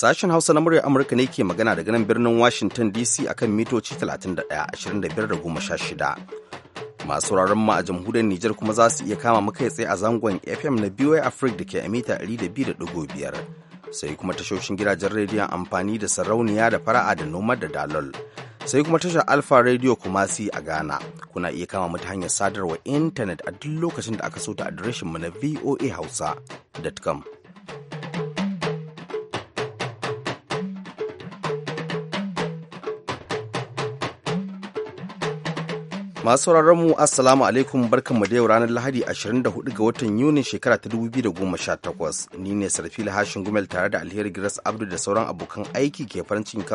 Sashen Hausa na muryar Amurka ne ke magana daga nan birnin Washington DC akan mitoci 31-25-16. Masu sauraron ma a jamhuriyar Nijar kuma za su iya kama muka tsaye a zangon FM na BY Africa da ke a mita 200.5. Sai kuma tashoshin gidajen rediyon amfani da sarauniya da fara'a da noma da dalol. Sai kuma tashar alpha Radio Kumasi a Ghana. Kuna iya kama mu hanyar sadarwa intanet a duk lokacin da aka so ta adireshin mu na voahausa.com. Masu sauraron mu Assalamu alaikum mu da yau ranar Lahadi 24 ga watan Yunin shekara ta 2018. Ni ne Sarfi Lahashin Gumel tare da Alheri giras Abdu da sauran abokan aiki ke farin cikin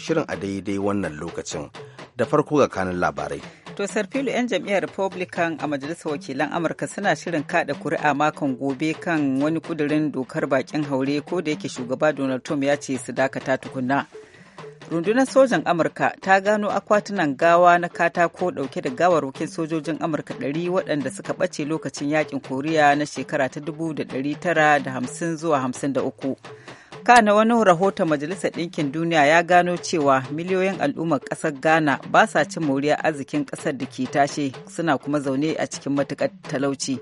shirin a daidai wannan lokacin. Da farko ga kanin labarai. To Sarfilu 'yan jam'iyyar Republican a Majalisar Wakilan Amurka suna shirin kada kuri'a makon gobe kan wani kudirin dokar bakin haure ko da yake shugaba Donald Trump ya ce su dakata tukunna. rundunar sojan amurka ta gano akwatunan gawa na katako dauke da gawarwakin sojojin amurka 100 waɗanda suka ɓace lokacin yakin koriya na shekara ta 1950 zuwa 53 kana wani rahoton majalisar ɗinkin duniya ya gano cewa miliyoyin al'ummar ƙasar ghana ba sa cin moriya arzikin ƙasar da ke tashe suna kuma zaune a cikin matuƙar talauci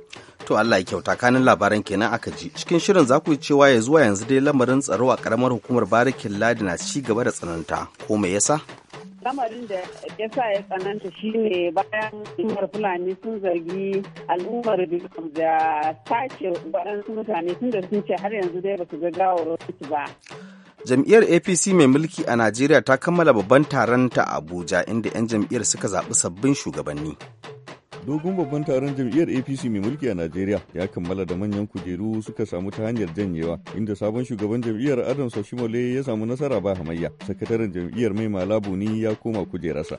to allah ya kyauta kanin labaran kenan aka ji cikin shirin zaku yi cewa ya zuwa yanzu dai lamarin tsaro a ƙaramar hukumar barikin ladi na ci gaba da tsananta ko me yasa lamarin da ya sa ya tsananta shine bayan umar fulani sun zargi al'ummar bilam da sace waɗansu mutane tun da sun ce har yanzu dai ba su ga gawar ba jam'iyyar apc mai mulki a najeriya ta kammala babban taron ta abuja inda 'yan jam'iyyar suka zaɓi sabbin shugabanni dogon babban taron jam'iyyar apc mai mulki a najeriya ya kammala da manyan kujeru suka samu ta hanyar janyewa inda sabon shugaban jam'iyyar adam sashimole ya samu nasara ba hamayya sakataren jam'iyyar mai malabu ni ya koma kujerarsa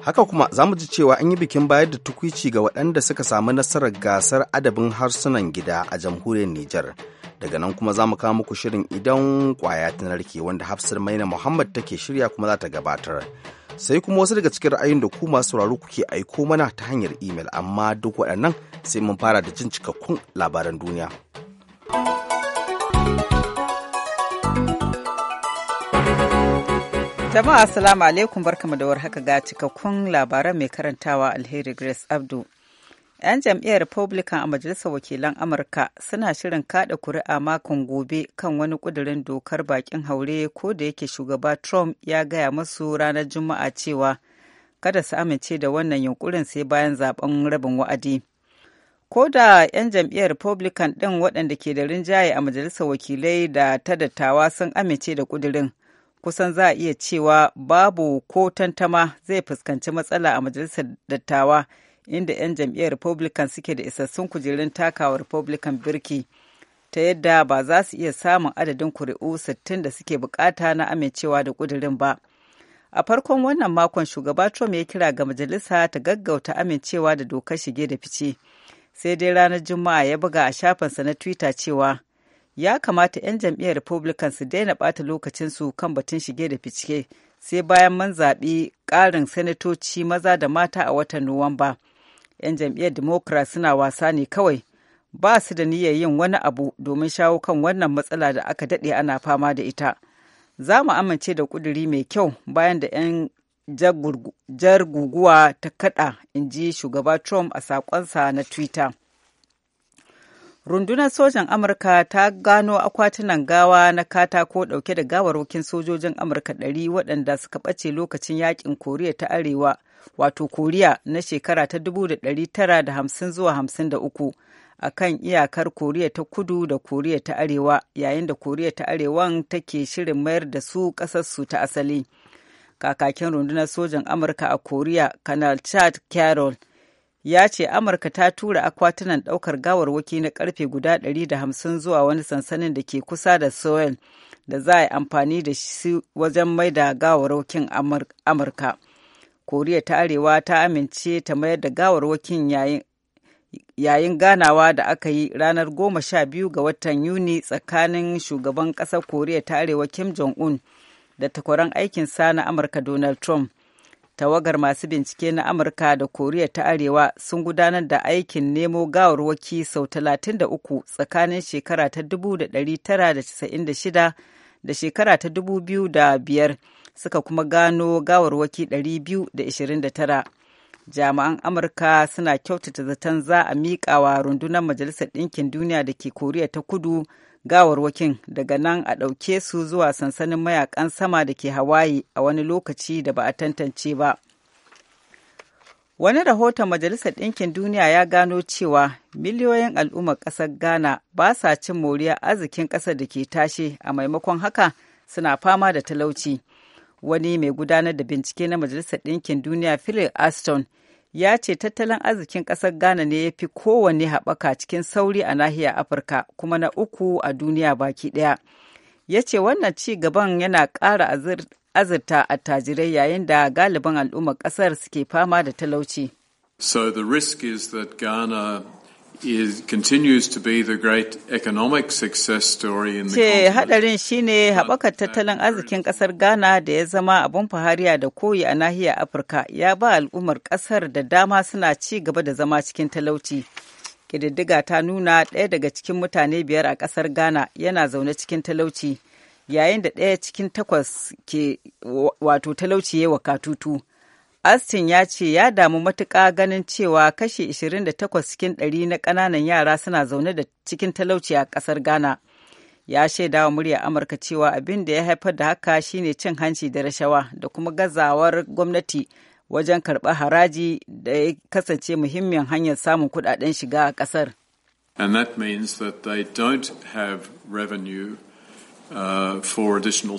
haka kuma za mu ji cewa an yi bikin bayar da tukwici ga waɗanda suka samu nasarar gasar adabin harsunan gida a jamhuriyar nijar daga nan kuma za mu kawo muku shirin idan kwaya ta narke wanda hafsir maina muhammad take shirya kuma za ta gabatar sai kuma wasu daga cikin ra'ayin da ku masu sauraro kuke aiko mana ta hanyar imel amma duk waɗannan sai mun fara da jin cikakkun labaran duniya. Jama'a assalamu alaikum barkamu da warhaka ga cikakkun labaran mai karantawa Alheri Grace Abdu. 'Yan jam'iyyar Republican a Majalisar Wakilan Amurka suna shirin kada kuri'a makon gobe kan wani kudirin dokar bakin haure ko da yake shugaba Trump ya gaya masu ranar Juma'a cewa kada su amince da wannan yunkurin sai bayan zaben rabin wa'adi. Ko da 'yan jam'iyyar Republican ɗin waɗanda ke da rinjaye a Majalisar Wakilai da ta dattawa sun amince da kudirin. kusan za a iya cewa babu ko tantama zai fuskanci matsala a majalisar dattawa inda 'yan jam'iyyar republican suke da isassun kujerun takawa republican birki ta yadda ba za su iya samun adadin kuri'u 60 da suke bukata na amincewa da kudirin ba a farkon wannan makon shugaba trump ya kira ga majalisa ta gaggauta amincewa da dokar shige da fice sai dai ranar juma'a ya buga a shafinsa na twitter cewa ya kamata 'yan jam'iyyar republican su daina ɓata lokacinsu kan batun shige da fice sai bayan man zaɓi ƙarin sanatoci maza da mata a watan nuwamba. 'yan jam'iyyar democrat suna wasa ne kawai ba su da niyyar yin wani abu domin shawo kan wannan matsala da aka daɗe ana fama da ita za mu amince da kuduri mai kyau bayan da 'yan jar guguwa ta kaɗa in ji shugaba trump a saƙonsa na twitter rundunar sojan amurka ta gano akwatunan gawa na katako ɗauke da gawarwakin sojojin amurka ɗari waɗanda suka ɓace lokacin yakin koriya ta arewa wato koriya na shekara ta 1950 zuwa 53 a kan iyakar koriya ta kudu da koriya ta arewa yayin da koriya ta arewan take shirin mayar da su ƙasarsu ta asali kakakin rundunar sojan amurka a koriya kanal chad carroll ya ce amurka ta tura akwatunan ɗaukar gawarwaki na karfe guda 150 zuwa wani sansanin da ke kusa da soil da za a yi amfani da shi wajen mai da gawarwakin amurka koriya ta arewa ta amince ta mayar da gawarwakin yayin yayin ganawa da aka yi ranar goma sha biyu ga watan yuni tsakanin shugaban ƙasar koriya ta arewa kim jong-un da takwaran aikinsa na amurka donald trump tawagar masu bincike na amurka da koriya ta arewa sun gudanar da aikin nemo gawarwaki sau 33 tsakanin shekara ta 1996 da shekara ta 2005 suka kuma gano gawarwaki 229 jami'an amurka suna kyautata zaton za a miƙa wa rundunar majalisar ɗinkin duniya da ke koriya ta kudu gawarwakin daga nan a ɗauke su zuwa sansanin mayakan sama da ke hawaii a wani lokaci da ba a tantance ba wani rahoton majalisar ɗinkin duniya ya gano cewa miliyoyin al'ummar ƙasar ghana ba sa cin moriya arzikin ƙasar da ke tashe a maimakon haka suna fama da talauci wani mai gudanar da bincike na majalisar ɗinkin duniya philip aston ya ce tattalin arzikin ƙasar ghana ne ya fi kowanne haɓaka cikin sauri a nahiyar afirka kuma na uku a duniya baki ɗaya ya ce wannan ci gaban yana ƙara azurta tajirai yayin da galiban al'ummar ƙasar suke fama da talauci so the risk is that ghana is, continues to be the great economic success story in the Ce hadarin shine haɓakar tattalin arzikin ƙasar Ghana da ya zama abun fahariya da koyi a nahiyar Afirka ya ba al'ummar ƙasar da dama suna ci gaba da zama cikin talauci. Ƙididdiga ta nuna ɗaya daga cikin mutane biyar a ƙasar Ghana yana zaune cikin talauci, yayin da ɗaya cikin takwas ke wato talauci ya wakatutu. tutu Astin ya ce ya damu matuƙa ganin cewa kashi 28 cikin ɗari na ƙananan yara suna zaune da cikin talauci a ƙasar Ghana. Ya shaida wa murya Amurka cewa abin da ya haifar da haka shine cin hanci da rashawa da kuma gazawar gwamnati wajen karɓar haraji da ya kasance muhimmin hanyar samun kuɗaɗen shiga a ƙasar. And that means that they don't have revenue Uh,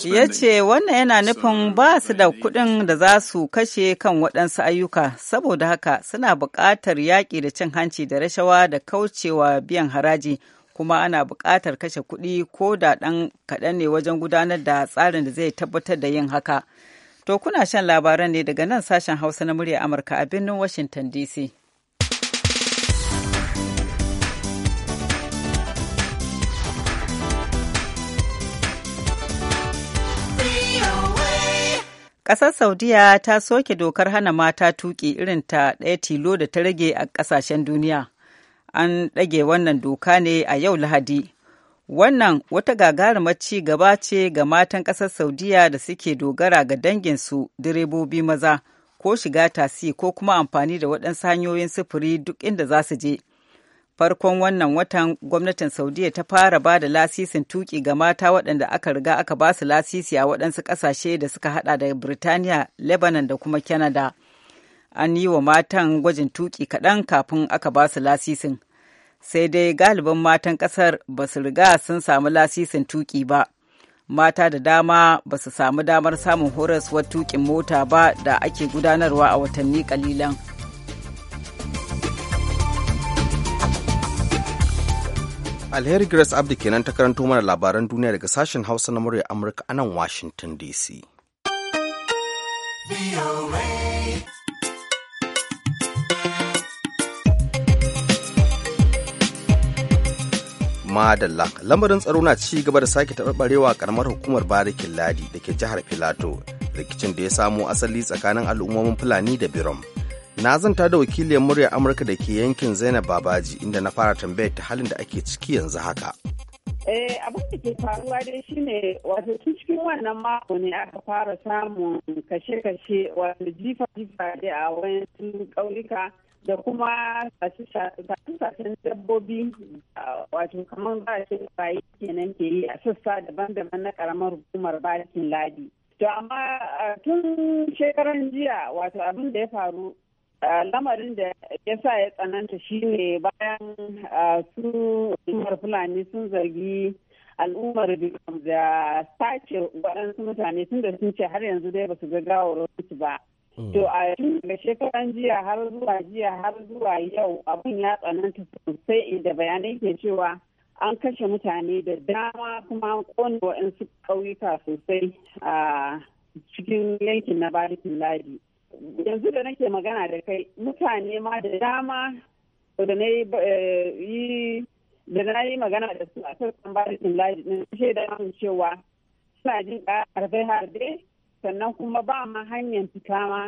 ya ce wannan yana nufin uh, ba su da kuɗin da za su kashe kan waɗansu ayyuka, saboda haka suna buƙatar yaƙi da cin hanci da rashawa da kaucewa biyan haraji, kuma ana buƙatar kashe kuɗi ko da ɗan kaɗan ne wajen gudanar da tsarin da zai tabbatar da yin haka. To kuna shan labaran ne daga nan sashen Hausa na murya Amurka a birnin Washington DC. Ƙasar Saudiya ta soke dokar hana mata tuƙi irin ta ɗaya tilo da ta rage a ƙasashen duniya. An ɗage wannan doka ne a yau Lahadi. Wannan wata gagarumar ci gaba ce ga matan ƙasar Saudiya da suke dogara ga danginsu direbobi maza ko shiga tasi ko kuma amfani da waɗansu hanyoyin sufuri duk inda za su je. farkon wannan watan gwamnatin saudiya ta fara ba da lasisin tuki ga mata waɗanda aka riga aka ba su lasisi a waɗansu ƙasashe da suka hada da birtaniya lebanon da kuma canada an yi wa matan gwajin tuki kaɗan kafin aka ba su lasisin sai dai galibin matan ƙasar ba su riga sun samu lasisin tuki ba mata da dama ba su samu damar samun horaswar tukin mota ba da ake gudanarwa a watanni kalilan. Alheri Grace Abdi kenan ta karanto mana labaran duniya daga sashen Hausa na murya Amurka a nan Washington DC. Madalla, lamarin tsaro na ci gaba da sake taɓarɓarewa karamar hukumar barikin ladi da ke jihar Filato, rikicin da ya samo asali tsakanin al'ummomin Fulani da Birom. na zanta da wakiliyar muryar amurka da ke yankin zainab babaji inda na fara tambayar ta halin da ake ciki yanzu haka Eh, abin da ke faruwa dai shine wato tun cikin wannan mako ne aka fara samun kashe-kashe wato jifa-jifa da a wani ƙauyuka da kuma sace sasen dabbobi wato kamar ba ce bayi kenan ke yi a sassa daban-daban na karamar hukumar bakin ladi. To amma tun shekaran jiya wato abin da ya faru lamarin da ya sa ya tsananta shine bayan su fulani sun zargi al'ummar da sace waɗansu mutane tun da sun ce har yanzu dai ba su ga gawar su ba mm. to a tun daga shekaran jiya har zuwa jiya har zuwa yau abin ya tsananta sosai inda bayanai ke cewa an kashe mutane da dama kuma an kone waɗansu ƙauyuka sosai a cikin yankin na barikin ladi. yanzu da nake magana da kai mutane ma da dama da na yi eh, da na yi magana da su a sassan barikin laji din shaida mun cewa suna jin harbe harbe sannan kuma ba ma hanyar fita ma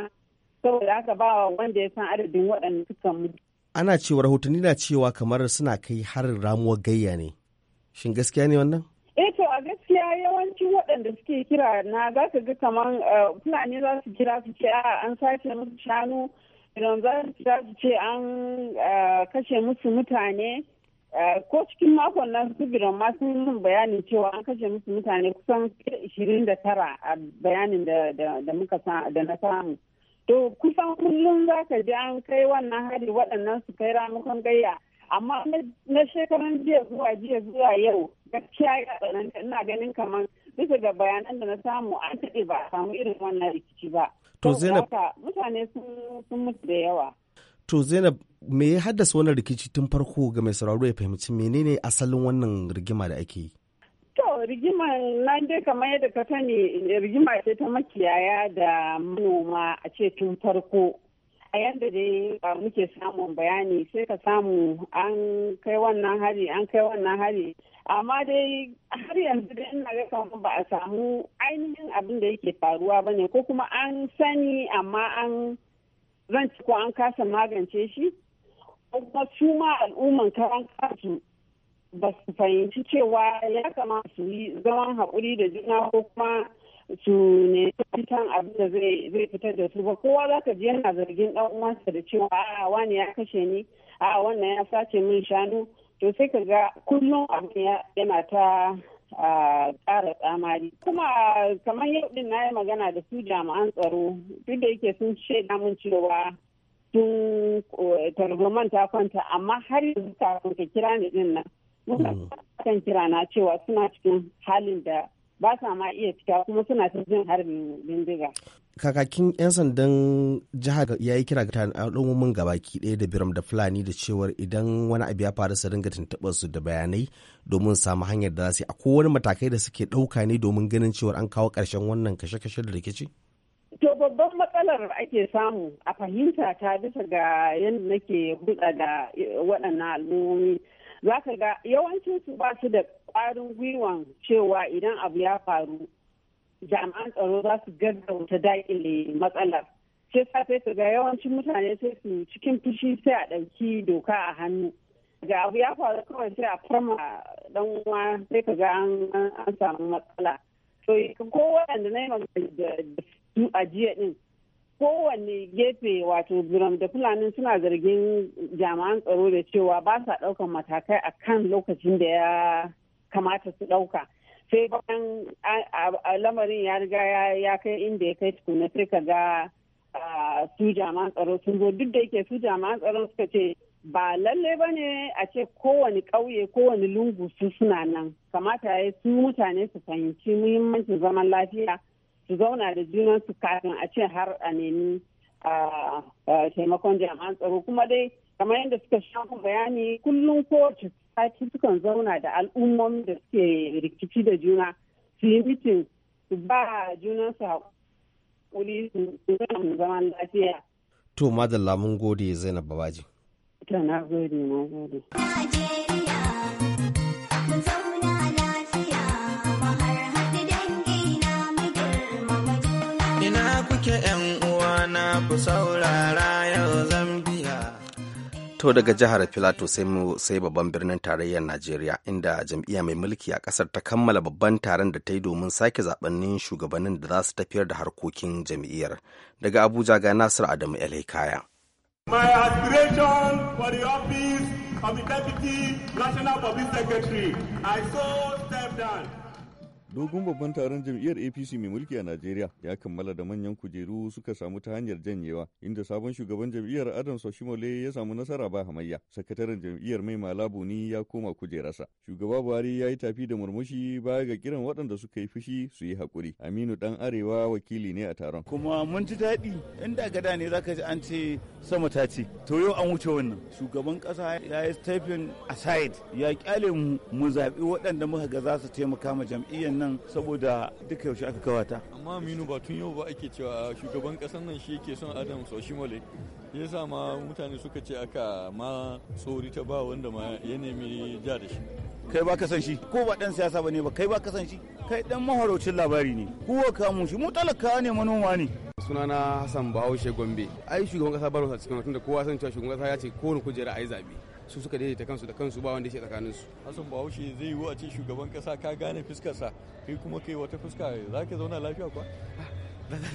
saboda haka ba wanda ya san adadin waɗanda suka mutu. Ana cewa rahotanni na cewa kamar suna kai harin ramuwar gayya ne. Shin gaskiya ne wannan? Eh to a gaskiya yawancin waɗanda suke kira na za ka ga kaman eh, Fulani za su kira su ce an sace musu shanu idan za su kira su ce an eh, kashe musu mutane eh, ko cikin makon nan su biran ma sun bayanin cewa an kashe musu mutane kusan ishirin da tara a bayanin da muka da na samu. To kusan kullum za ka ji an kai wannan hari waɗannan su kai ramukan gayya. amma na shekaran jiya zuwa jiya zuwa yau gaskiya ya tsananta ina ganin kamar bisa ga bayanan da na samu an taɗe ba a samu irin wannan rikici ba. To Zainab. Mutane sun mutu da yawa. To Zainab me ya haddasa wannan rikici tun farko ga mai sauraro ya fahimci menene asalin wannan rigima da ake yi? To rigima na dai kamar yadda ka sani rigima ce ta makiyaya da manoma a ce tun farko. a yadda dai muke samun bayani sai ka samu an kai wannan hari an kai wannan hari amma dai har yanzu da ina ga kamar ba a samu ainihin abin da yake faruwa ba ne ko kuma an sani amma an zan ko an kasa magance shi ko kuma su ma al'umman karan kasu ba su fahimci cewa ya kamata su yi zaman haƙuri da juna ko kuma su ne kan abin da zai fitar da su ba kowa za ka ji yana zargin dan uwansa da cewa a wani ya kashe ni a wannan ya sace min shanu to sai ka ga kullum abin yana ta ƙara tsamari kuma kamar yau din na yi magana da su jami'an tsaro duk da yake sun shaida mun cewa sun tarzoman ta kwanta amma har yanzu kafin ka kira ni din nan muka mm. kan kira na cewa suna cikin halin da ba sa ma iya fita kuma suna ta jin harbin bindiga. Kakakin 'yan sandan jihar ya yi kira ga al'ummomin gabaki ɗaya da biram da fulani da cewar idan wani abu ya faru su ringa tuntuɓar su da bayanai domin samu hanyar da za su yi. Akwai wani matakai da suke ɗauka ne domin ganin cewar an kawo ƙarshen wannan kashe-kashe da rikici? To babban matsalar ake samu a fahimta ta bisa ga yadda nake hulɗa da waɗannan al'ummomi. Za ka ga yawancin su ba su da kwarin gwiwan cewa idan abu ya faru jami'an tsaro za su gaggauta daƙile matsalar sai safe su ga yawancin mutane sai su cikin fushi sai a ɗauki doka a hannu ga abu ya faru kawai sai a farma dan uwa sai ka ga an samu matsala to ko waɗanda na yi magana da su a jiya din kowanne gefe wato biram da fulani suna zargin jami'an tsaro da cewa ba sa ɗaukan matakai a kan lokacin da ya kamata su ɗauka sai bayan lamarin ya riga ya kai inda ya kai tukuna sai ka ga su jama'an tsaro sun zo duk da yake su jama'a tsaro suka ce ba lalle ba ne a ce kowane ƙauye kowane lungu su suna nan kamata ya su mutane su fahimci muhimmancin zaman lafiya su zauna da su kafin a ce har a nemi taimakon jami'an tsaro kuma dai kamar yadda suka shafa bayani kullum kowace sati sukan zauna da al'ummomi da suke rikici da juna su yi mitin su ba juna su haƙuri su zama lafiya. To madalla mun gode Zainab Babaji. To na gode na gode. Ina kuke 'yan uwana ku to daga jihar Filato sai mu sai babban birnin tarayyar Najeriya inda jam'iyya mai mulki a kasar ta kammala babban taron da ta yi domin sake zaɓannin shugabannin da za su tafiyar da harkokin jam'iyyar. Daga Abuja ga Nasiru Adamu El Hikaya. My aspiration for the office of the Deputy National Public Secretary, I so step down. Dogon babban taron jam'iyyar APC mai mulki a Najeriya ya kammala da manyan kujeru suka samu ta hanyar janyewa inda sabon shugaban jam'iyyar Adam Soshimole ya samu nasara ba hamayya. Sakataren jam'iyyar mai malabu ni ya koma kujerarsa. Shugaba Buhari ya yi tafi da murmushi baya ga kiran waɗanda suka yi fushi su yi haƙuri. Aminu dan Arewa wakili ne a taron. Kuma mun ji daɗi inda gada ne zaka ji an ce sama ta ce. To yau an wuce wannan. Shugaban ƙasa ya yi stepping aside ya ƙyale mu mu zaɓi waɗanda muka ga za su taimaka ma jam'iyyar nan nan saboda duka yaushe aka kawata amma aminu ba tun yau ba ake cewa shugaban kasar nan shi yake son adam soshimole sa ma mutane suka ce aka ma tsori ta ba wanda ma ya nemi ja da shi kai ba ka san shi ko ba dan siyasa ba ne ba kai ba ka san shi kai dan maharocin labari ne kuwa kamun shi mu talaka ne manoma ne sunana hassan bahaushe gombe ai shugaban kasa baro sa cikin tunda kowa san cewa shugaban kasa ya ce kowane kujera ai zabe su suka daidaita kansu da kansu ba wanda yake tsakanin su Hassan Bahaushe zai yi a ce shugaban kasa ka gane fuskarsa kai kuma kai wata fuska zaka zauna lafiya kuwa ah,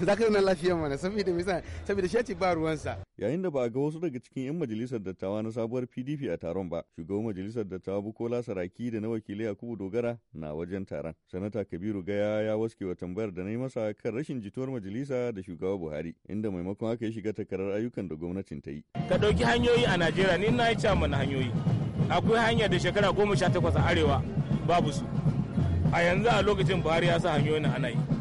za ka zauna lafiya mana saboda me saboda shi ce ba ruwansa yayin da ba a ga wasu daga cikin yan majalisar dattawa na sabuwar PDP a taron ba shugaban majalisar dattawa Bukola Saraki da na wakilai Yakubu Dogara na wajen taron sanata Kabiru Gaya ya waske wa tambayar da na yi masa kan rashin jituwar majalisa da shugaba Buhari inda maimakon haka ya shiga takarar ayyukan da gwamnatin ta yi ka dauki hanyoyi a Najeriya ni na yi mana hanyoyi akwai hanya da shekara goma sha takwas a arewa babu su a yanzu a lokacin Buhari ya sa hanyoyin ana yi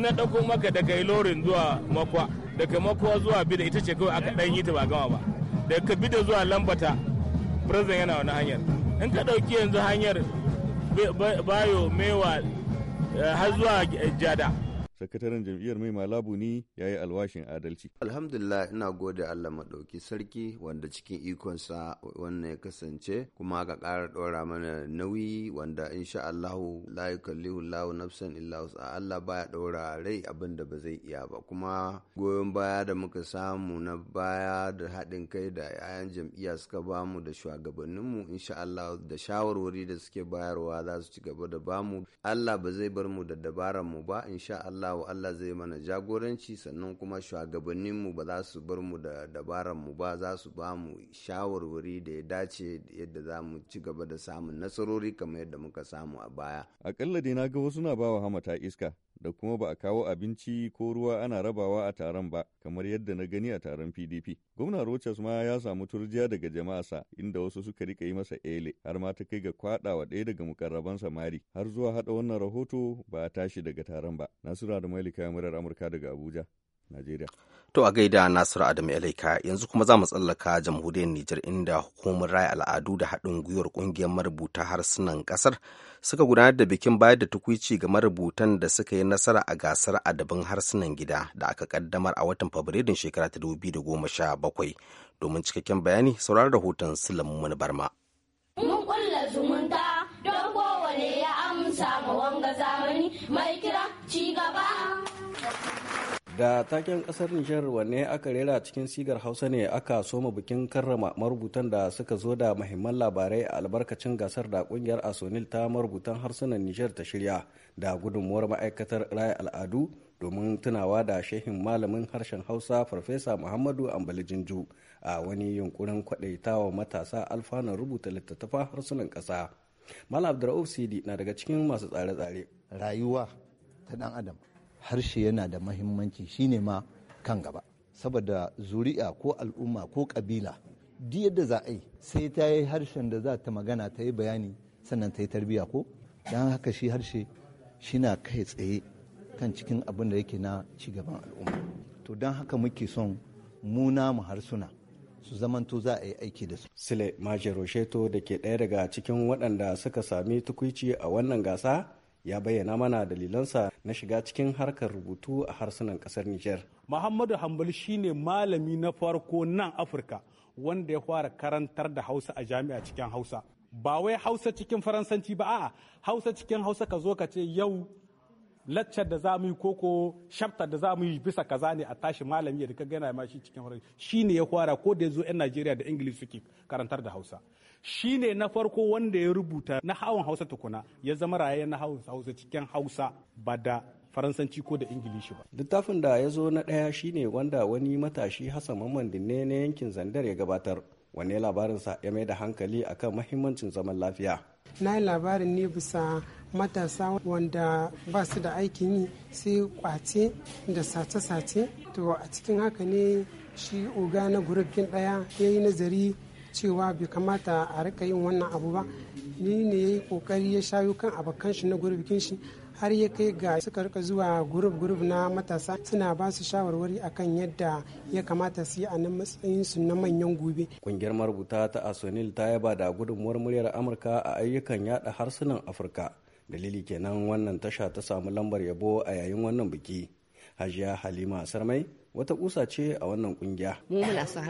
na ɗauko maka daga ilorin zuwa makwa daga makwa zuwa bida ita ce kawai aka ɗan yi ta ba gama ba daga bida zuwa lambata president yana wani hanyar in ka ɗauki yanzu hanyar bayo mewa eh, har zuwa jada sakataren jam'iyyar mai malabu ne ya yi alwashin adalci. Alhamdulillah ina gode Allah maɗauki sarki wanda cikin ikonsa wannan ya kasance kuma aka ƙara ɗora mana nauyi wanda insha Allahu la yukallihu Allahu nafsan illa Allah baya ɗora rai abin da ba zai iya ba kuma goyon baya da muka samu na baya da haɗin kai da 'ya'yan jam'iyya suka bamu da shugabanninmu insha Allah da shawarwari da suke bayarwa za su ci gaba da bamu Allah ba zai bar mu da dabaran mu ba insha Allah Allah Allah zai mana jagoranci sannan kuma shugabanninmu ba za su bar mu da dabaranmu ba za su ba mu shawarwari da ya dace yadda za mu ci gaba da samun nasarori kamar yadda muka samu a baya. Akalla dai na ga wasu na bawa hamata iska da kuma ba a kawo abinci ko ruwa ana rabawa a taron ba kamar yadda na gani a taron PDP. Gwamna Rochas ma ya samu turjiya daga jama'arsa inda wasu suka rika yi masa ele har ma ta kai ga wa ɗaya daga mukarrabansa mari har zuwa hada wannan rahoto ba a tashi daga taron ba. Nasura da Malika murar Amurka daga Abuja, Najeriya. To a gaida Nasiru Adamu Alaika yanzu kuma za mu tsallaka jamhuriyar Nijar inda hukumar raya al'adu da haɗin gwiwar ƙungiyar marubuta harsunan ƙasar suka gudanar da bikin bayar da tukwici ga marubutan da suka yi nasara a gasar adabin harsunan gida da aka kaddamar a watan Fabrairun shekara ta 2017. Domin cikakken bayani sauraron rahoton Sulaiman Barma. da taken kasar nijar wanne aka rera cikin sigar hausa ne aka soma bikin karrama marubutan da suka zo da mahimman labarai a albarkacin gasar da kungiyar asonil ta marubutan harsunan nijar ta shirya da gudunmuwar ma'aikatar raya al'adu domin tunawa da shehin malamin harshen hausa farfesa muhammadu ambalijinju a wani yunkurin kwadaitawa matasa alfanun rubuta littattafa harsunan ƙasa malam abdurrauf sidi na daga cikin masu tsare-tsare rayuwa ta dan adam harshe yana da mahimmanci shine ma kan gaba saboda zuri'a ko al'umma ko kabila duk yadda za a yi sai ta yi harshen da za ta magana ta yi bayani sannan ta yi tarbiya ko don haka shi harshe shi na kai tsaye kan cikin abin da yake na ci gaban al'umma to don haka muke son muna mu harsuna su zamanto za a yi aiki da su. Sile Maje Rosheto da ke ɗaya daga cikin waɗanda suka sami tukuici a wannan gasa ya bayyana mana dalilansa na shiga cikin harkar rubutu a harsunan kasar Nijar. Muhammadu Hambal shine malami na farko nan Afirka wanda ya fara karantar da Hausa a jami'a cikin Hausa. Ba wai Hausa cikin Faransanci ba a'a Hausa cikin Hausa ka zo ka ce yau laccar da za mu yi koko shaftar da za mu yi bisa kaza ne a tashi malami da ka gana ma shi cikin horar shi ne ya fara ko da ya zo 'yan najeriya da ingilishi suke karantar da hausa shi ne na farko wanda ya rubuta na hawan hausa tukuna ya zama raye na hawan hausa cikin hausa ba da faransanci ko da ingilishi ba littafin da ya zo na ɗaya shi ne wanda wani matashi hassan mamman dinne na yankin zandar ya gabatar wanne labarinsa ya mai da hankali akan mahimmancin zaman lafiya na yi labarin ne bisa matasa wanda ba su da aikin yi sai kwace da sace-sace to a cikin haka ne shi oga na gurufin daya ya yi nazari cewa bai kamata a rika yin wannan abu ba ni ne ya yi kokari ya shayo kan abokan shi na gurufin shi har ya kai ga suka rika zuwa gurub gurub na matasa suna ba su shawarwari akan yadda ya kamata su yi a nan matsayin na manyan gobe kungiyar marubuta ta asonil ta yaba da gudunmuwar muryar amurka a ayyukan yada harsunan afirka dalili kenan wannan tasha ta samu lambar yabo a yayin wannan biki hajiya halima sarmai wata kusa ce a wannan kungiya. Mu muna so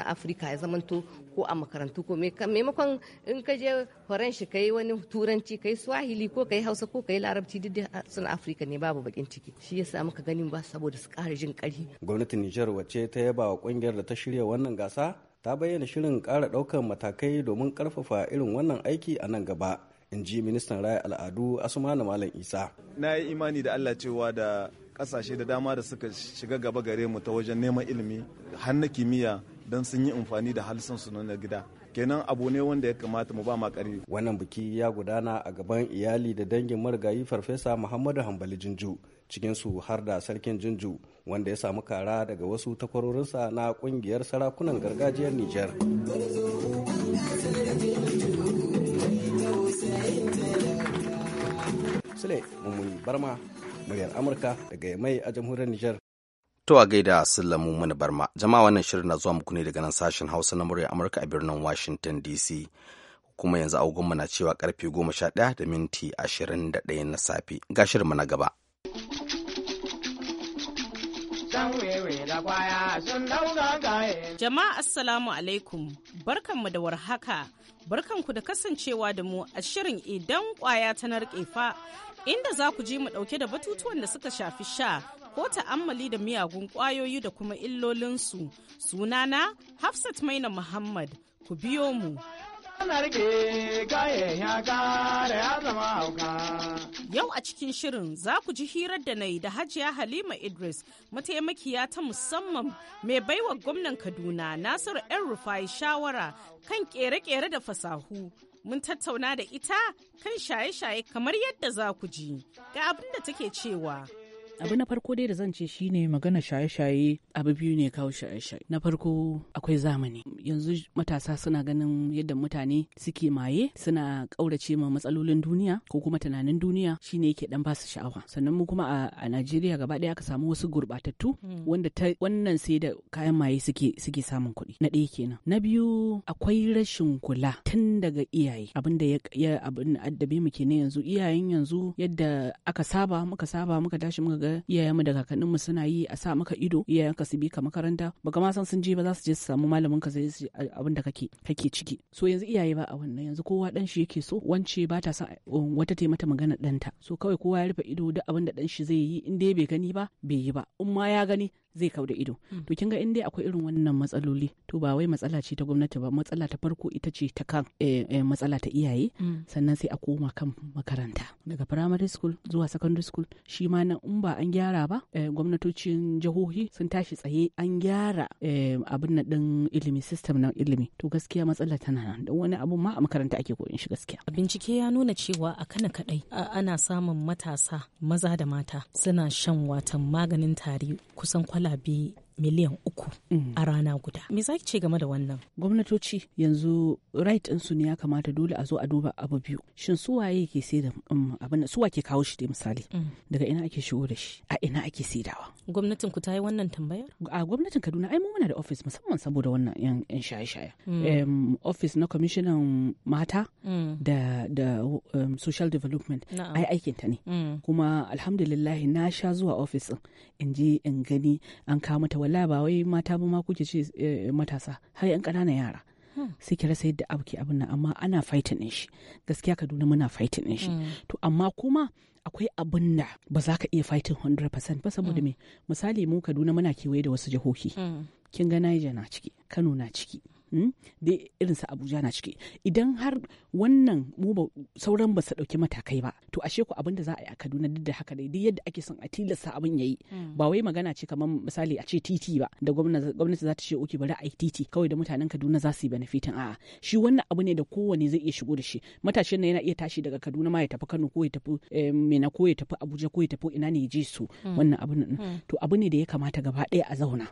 Afirka ya zamanto ko a makarantu ko maimakon in ka je horon shi kai wani turanci kai swahili ko kai hausa ko kai larabci duk da hasunan Afirka ne babu bakin ciki. Shi yasa muka ganin ba saboda su ƙara jin ƙari. Gwamnatin Nijar wace ta yaba wa kungiyar da ta shirya wannan gasa ta bayyana shirin ƙara ɗaukar matakai domin ƙarfafa irin wannan aiki a nan gaba. in ji ministan raya al'adu asumana malam isa na yi imani da allah cewa da kasashe da dama da suka shiga gaba gare mu ta wajen neman ilimi har kimiyya don sun yi amfani da halsan su na gida kenan abu ne wanda ya kamata mu ba makari wannan biki ya gudana a gaban iyali da dangin marigayi farfesa muhammadu hambali jinju cikin su har da sarkin jinju wanda ya samu kara daga wasu takwarorinsa na kungiyar sarakunan gargajiyar nijar sule mummuni barma muryar Amurka daga mai a jamhuriyar Nijar. To a gaida lamu mana Barma, jama'a wannan shirin na zuwa muku ne daga nan sashen Hausa na muryar Amurka a birnin Washington DC. Kuma yanzu agogonmu na cewa karfe goma sha daya da minti ashirin da 21 na safe. Ga shirinmu na gaba. Jama'a Assalamu alaikum, barkanmu da warhaka, barkanku da kasancewa da mu a shirin idan kwaya ta fa. inda za ku ji mu ɗauke da batutuwan da suka shafi sha ko ta'ammali da miyagun ƙwayoyi da kuma illolinsu sunana hafsat maina muhammad ku biyo mu Yau a cikin shirin za ku ji hirar da na yi da Hajiya Halima Idris mataimakiya ta musamman mai baiwa gwamnan Kaduna Nasiru 'yan rufai shawara kan kere-kere da fasahu mun tattauna da ita kan shaye-shaye kamar yadda za ku ji ga abin da take cewa. abu na farko dai da zan ce shine magana shaye-shaye abu biyu ne kawo shaye-shaye na farko akwai zamani yanzu matasa suna ganin yadda mutane suke maye suna kaurace ma matsalolin duniya ko kuma tunanin duniya shine yake dan basu sha'awa sannan mu kuma a Najeriya gaba ɗaya aka samu wasu gurɓatattu hmm. wanda ta wannan sai da kayan maye suke suke samun kuɗi na ɗaya kenan na biyu akwai rashin kula tun daga iyaye da ya abin addabe mu kenan yanzu iyayen yanzu yadda aka saba muka saba muka tashi muka ga ga mu da kakannin mu suna yi a sa maka ido iyayen ka su bi ka makaranta baka ma san sun je ba za su je su samu malamin ka su abin da kake kake ciki so yanzu iyaye ba a wannan yanzu kowa dan shi yake so wance ba ta son um, wata ta mata magana danta so kawai kowa ya rufe ido duk abin da dan shi zai yi in dai bai gani ba bai yi ba in ma ya gani zai kau da ido hmm. to kin ga in dai akwai irin wannan matsaloli to ba wai matsala ce ta gwamnati ba matsala ta farko ita ce ta kan eh, eh, matsala ta iyaye hmm. sannan sai a koma kan makaranta daga primary school zuwa secondary school shi ma nan in ba an gyara ba eh, gwamnatocin jihohi sun tashi tsaye an gyara abin na din ilimi system na ilimi to gaskiya matsala tana nan don wani abu ma a makaranta ake koyon shi gaskiya bincike ya nuna cewa a kana kadai ana samun matasa maza da mata suna shan watan maganin tari kusan kala biyu miliyan uku mm. a rana guda. Me za ki ce game da wannan? Gwamnatoci yanzu right su ne ya kamata dole a zo a duba abu biyu. Shin su ke sai da um, abin su ke kawo shi dai misali? Mm. Daga ina ake shigo da shi? A ina ake saidawa? Gwamnatin ku ta yi wannan tambayar? A gwamnatin Kaduna ai mu muna da office musamman saboda wannan yan shaye-shaye. Mm. Office na commissioner mata da da um, social development ai ta ne. Kuma alhamdulillah na sha zuwa office in je in gani an kawo mata wallahi ba wai mata ba ma kuke ce eh, matasa har yan ƙananan yara hmm. sai ki rasa yadda abu ke abin nan amma ana fighting din shi gaskiya Kaduna muna fighting din shi hmm. to amma kuma akwai abin da ba za ka iya fighting 100% ba saboda hmm. me misali mu Kaduna muna kewaye da wasu jihohi kin ga Niger na ciki Kano na ciki Hmm? dai irinsa abuja na ciki idan har wannan mu sauran ba su dauki matakai ba to ashe ku abinda za a yi a kaduna duk da haka dai duk yadda ake son a tilasta abin ya yi. Hmm. ba wai magana ce kamar misali a ce titi ba da gwamnati za ta ce oke bari a yi titi kawai da mutanen kaduna za su yi benefitin a'a shi wannan abu ne da kowane zai iya shigo da shi matashin na yana iya tashi daga kaduna ma ya tafi kano ko ya tafi eh, mena ko ya tafi abuja ko ya tafi ina ne ya je su hmm. wannan abu to abu ne da ya kamata gaba daya a zauna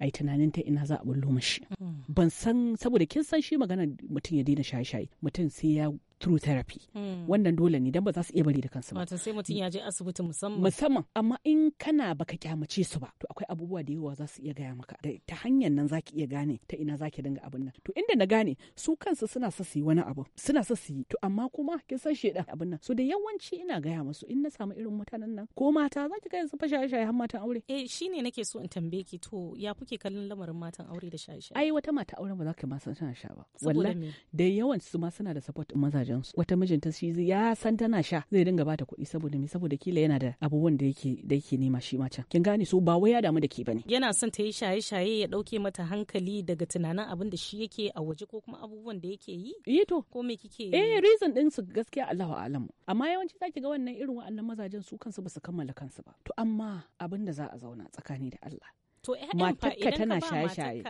a yi tunanin ta ina za a bullo mashi ban san dan saboda kin san shi magana mutum ya daina shaye-shaye mutum sai ya through therapy mm. wannan dole ne don ba za su iya bari da kansu ba wato sai mutum ya je asibiti musamman musamman amma in kana baka kyamace su ba to akwai abubuwa da yawa za su iya gaya maka da ta hanyar nan zaki iya gane ta ina zaki dinga abin nan to inda na gane su kansu suna so su yi wani abu suna so su yi to amma kuma kin san da abin nan so da yawanci ina gaya musu in na samu irin mutanen nan ko mata zaki ga su fasha shaye har matan aure eh shine nake so in tambaye ki to ya kuke kallon lamarin matan aure da shaye shaye ai wata mata auren ba za ka ma san tana sha ba wallahi da yawan su ma suna da support maza mazajensu wata mijinta shi ya san tana sha zai dinga bata kuɗi saboda me saboda kila yana da abubuwan da yake da yake nema shi ma can kin gane so ba wai ya damu da ke bane yana son ta yi shaye shaye ya dauke mata hankali daga tunanin abin da shi yake a waje ko kuma abubuwan da yake yi yi eh to ko me kike eh reason din su gaskiya Allahu alamu amma yawanci zaki ga wannan irin wa'annan mazajen su kansu basu kammala kansu ba to amma abin da za a zauna tsakani da Allah to matakka tana shaye-shaye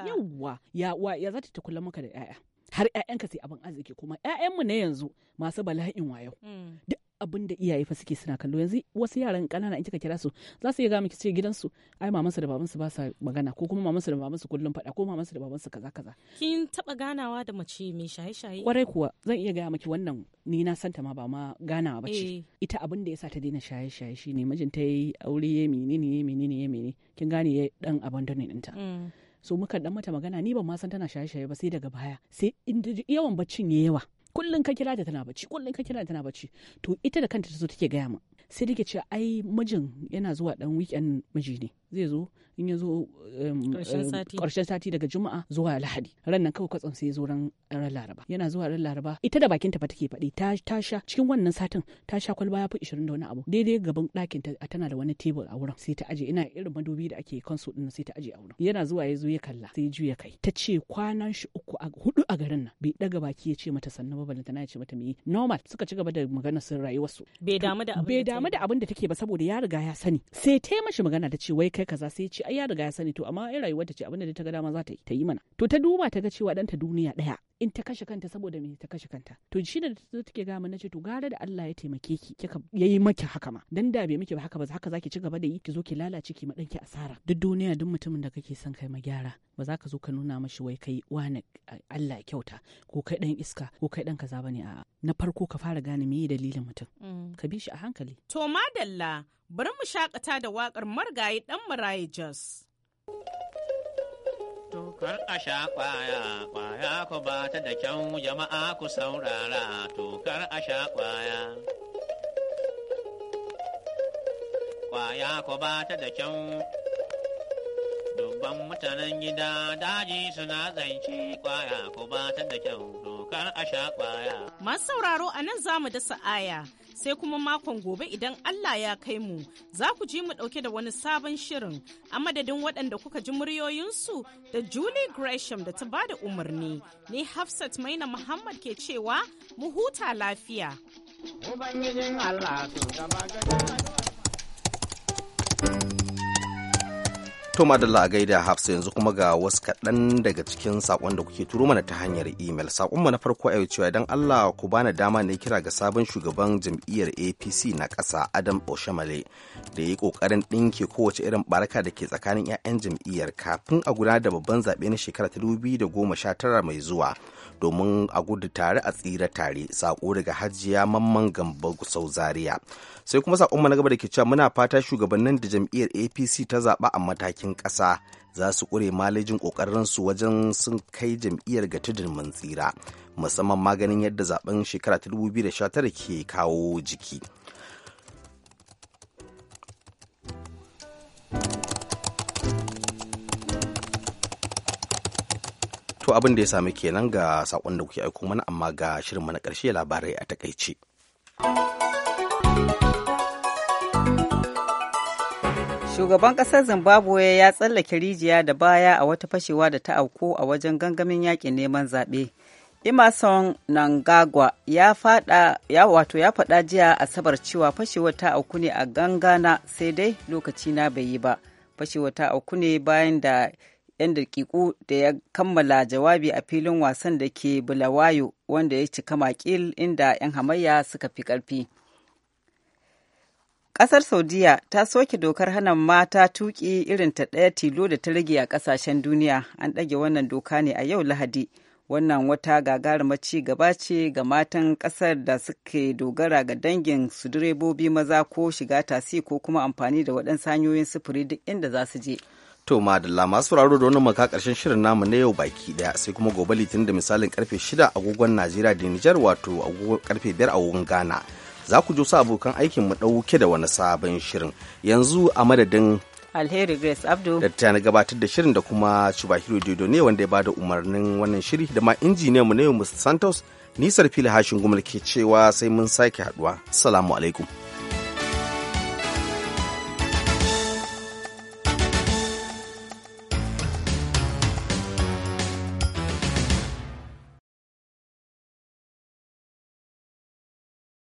yawwa ya za ta kula maka da 'ya'ya har 'ya'yanka sai abin arziki kuma mu na yanzu masu bala'in wayo mm. duk abin da iyaye fa suke suna kallo yanzu wasu yaran kanana in kika kira su za su iya ga miki ce gidansu ai mamansu da babansu ba sa magana ko kuma mamansu da babansu kullum faɗa ko mamansu da babansu kaza kaza kin taba ganawa da mace mai shaye shaye kwarai kuwa zan iya gaya miki wannan ni na santa ma ba ma ganawa ba ce eh. ita abin da yasa ta daina shaye shaye shine mijinta yayi aure ya menene ya menene ya menene kin gane ya dan abandonin ɗinta. ta mm. so muka dan mata magana ni ban ma san tana shaye-shaye ba sai daga baya sai yawan baccin ya yawa kullun ka kira da tana bacci kullum ka kira da tana bacci to ita da kanta ta zo take gaya ma sai take cewa ai mijin yana zuwa dan weekend miji ne zai zo in ya zo ƙarshen sati daga juma'a zuwa lahadi ran nan kawai kwatsam sai zo ran laraba yana zuwa ran laraba ita da bakinta fa take faɗi ta sha cikin wannan satin ta sha kwalba ya fi ishirin da wani abu daidai gaban ɗakin ta tana da wani tebur a wurin sai ta aje ina irin madubi da ake kansu ɗin sai ta aje a wurin yana zuwa ya zo ya kalla sai ya juya kai ta ce kwanan shi uku a hudu a garin nan bai ɗaga baki ya ce mata sannan ba balantana ya ce mata me normal suka ci gaba da magana sun rayuwarsu bai damu da abin da take ba saboda ya riga ya sani sai ta mashi magana ta ce wai kai kai kaza sai ce ai ya riga ya sani to amma ai rayuwar ta ce abin da ta ga dama za ta yi ta yi mana to ta duba ta ga cewa danta duniya ɗaya in ta kashe kanta saboda me ta kashe kanta to shi da ta take ga mana ce to gara da Allah ya taimake ki kika yayi maki haka ma dan da bai miki ba haka ba haka zaki ci gaba da yi ki zo ki lalace ki madan ki asara duk duniya duk mutumin da kake son kai ma gyara ba za ka zo ka nuna mashi wai kai wani Allah kyauta ko kai dan iska ko kai dan kaza bane a na farko ka fara gane me dalilin mutum mm. ka bi shi a hankali to madalla bari mu shakata da wakar margayi dan maraye Jos. To kar a sha kwaya, kwaya ku ba ta da kyau jama'a ku saurara, to kar a sha kwaya. Kwaya ku ba ta da kyau, dubban mutanen gida daji suna zance kwaya ku ba ta da kyau. kar a sha Masu sauraro a nan zamu mu dasa aya. sai kuma makon gobe idan Allah ya kai mu za ku ji mu ɗauke da wani sabon shirin a madadin waɗanda kuka ji muryoyinsu da Julie Gresham da ta bada umarni ne Hafsat Maina Muhammad ke cewa mu huta lafiya. Ubangijin Allah To madalla a gaida Hafsa yanzu kuma ga wasu kaɗan daga cikin saƙon da kuke turo mana ta hanyar imel. Saƙonmu na farko a cewa idan Allah ku bani dama ne kira ga sabon shugaban jam'iyyar APC na ƙasa Adam oshamale da ya yi ƙoƙarin ɗinke kowace irin baraka da ke tsakanin 'ya'yan jam'iyyar kafin a gudanar da babban zaɓe na shekara ta tara mai zuwa. domin a gudu tare a tsira tare sako daga hajiya mamman gamba sau zaria sai kuma sakon na gaba da ke cewa muna fata shugabannin da jam'iyyar apc ta zaɓa a matakin ƙasa za su ƙure malejin ƙoƙarinsu wajen sun kai jam'iyyar ga tudun mun tsira musamman maganin yadda zaben shekara ta 2019 ke kawo jiki abin da ya sami kenan ga saƙon da kuke aiko mana amma ga shirin na ƙarshe labarai a takaice. Shugaban ƙasar Zimbabwe ya tsallake rijiya da baya a wata fashewa da ta auku a wajen gangamin yakin neman zaɓe. Emerson Nangagwa ya fada ya wato ya faɗa jiya Asabar cewa fashewa ta auku ne a gangana sai dai lokaci na bai yi ba. fashewa ta auku ne bayan da 'yan dakiku da ya kammala jawabi a filin wasan da ke Bulawayo wanda ya cika makil inda 'yan hamayya suka fi ƙarfi. Ƙasar Saudiya ta soke dokar hana mata tuƙi irin ta ɗaya tilo da ta rage a ƙasashen duniya. An ɗage wannan doka ne a yau Lahadi. Wannan wata gagarumar ci gaba ce ga matan ƙasar da suke dogara ga dangin su direbobi maza ko shiga tasi ko kuma amfani da waɗansu hanyoyin sufuri duk inda za su je. To madalla masu sauraro da wannan maka karshen shirin namu na yau baki daya sai kuma gobe litinin da misalin karfe shida agogon Najeriya da Nijar wato agogon karfe 5 agogon Ghana. Za ku jo sa abokan aikin mu dauke da wani sabon shirin. Yanzu a madadin Alheri Grace Abdu da ta gabatar da shirin da kuma Chubahiro Dodo ne wanda ya bada umarnin wannan shiri da ma injiniyan mu na yau Mr. Santos nisar fili hashin gumal ke cewa sai mun sake haduwa. Salamu alaikum.